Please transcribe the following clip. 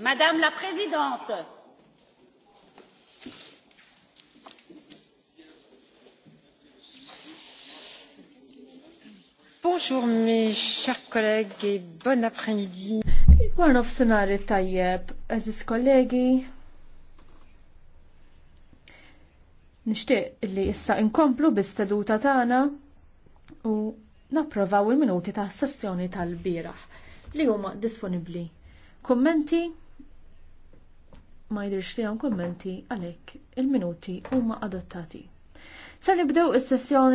Madame la Présidente, Bonjour mes chers collègues et bon après-midi. Buon offsenari tajjeb, aziz kollegi. Nishtiq li issa inkomplu bis-seduta tagħna u napprovaw il-minuti ta' sessjoni tal-bieraħ li huma disponibbli. Kommenti? ma jidhirx li hawn kummenti għalhekk il-minuti huma adottati. Ser nibdew is-sessjoni